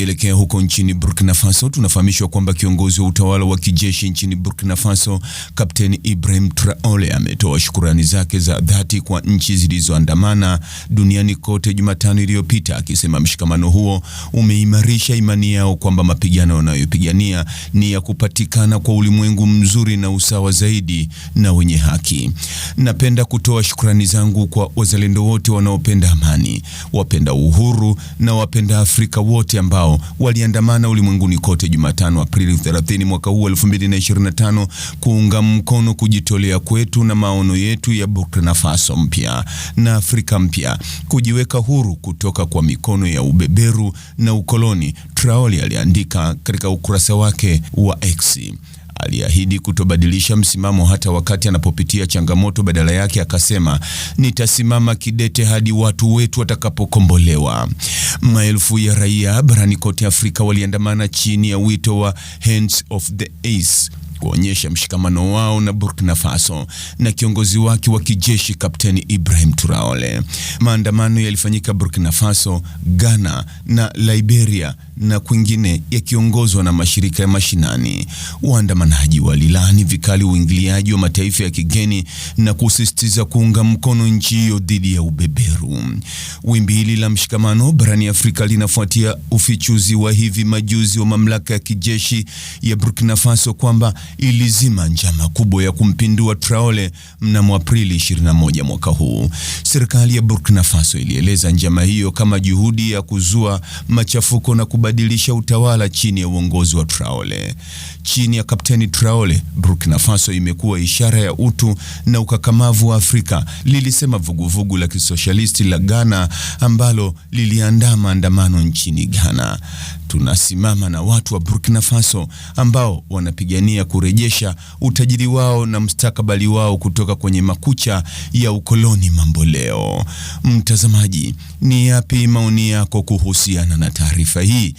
Tukielekea huko nchini Burkina Faso, tunafahamishwa kwamba kiongozi wa utawala wa kijeshi nchini Burkina Faso, Kapteni Ibrahim Traore ametoa shukurani zake za dhati kwa nchi zilizoandamana duniani kote Jumatano iliyopita, akisema mshikamano huo umeimarisha imani yao kwamba mapigano wanayopigania ni ya kupatikana kwa ulimwengu mzuri na usawa zaidi na wenye haki. Napenda kutoa shukrani zangu kwa wazalendo wote wanaopenda amani, wapenda uhuru na wapenda Afrika wote ambao hao waliandamana ulimwenguni kote Jumatano, Aprili 30 mwaka huu 2025 kuunga mkono kujitolea kwetu na maono yetu ya Burkina Faso mpya na Afrika mpya, kujiweka huru kutoka kwa mikono ya ubeberu na ukoloni, Traoli aliandika katika ukurasa wake wa X. Aliahidi kutobadilisha msimamo hata wakati anapopitia changamoto, badala yake akasema, nitasimama kidete hadi watu wetu watakapokombolewa. Maelfu ya raia barani kote Afrika waliandamana chini ya wito wa Hands of the Ace kuonyesha mshikamano wao na Burkina Faso na kiongozi wake wa kijeshi Kapteni Ibrahim Traore. Maandamano yalifanyika Burkina Faso, Ghana na Liberia na kwingine yakiongozwa na mashirika ya mashinani. Waandamanaji walilaani vikali uingiliaji wa mataifa ya kigeni na kusisitiza kuunga mkono nchi hiyo dhidi ya ubeberu. Wimbi hili la mshikamano barani Afrika linafuatia ufichuzi wa hivi majuzi wa mamlaka ya kijeshi ya Burkina Faso kwamba ilizima njama kubwa ya kumpindua Traore mnamo Aprili 21 mwaka huu. Serikali ya Burkina Faso ilieleza njama hiyo kama juhudi ya kuzua machafuko na kuba kubadilisha utawala chini ya uongozi wa Traore. Chini ya Kapteni Traore, Burkina Faso imekuwa ishara ya utu na ukakamavu wa Afrika, lilisema vuguvugu la kisoshalisti la Ghana ambalo liliandaa maandamano nchini Ghana. Tunasimama na watu wa Burkina Faso ambao wanapigania kurejesha utajiri wao na mstakabali wao kutoka kwenye makucha ya ukoloni mamboleo. Mtazamaji, ni yapi maoni yako kuhusiana na taarifa hii?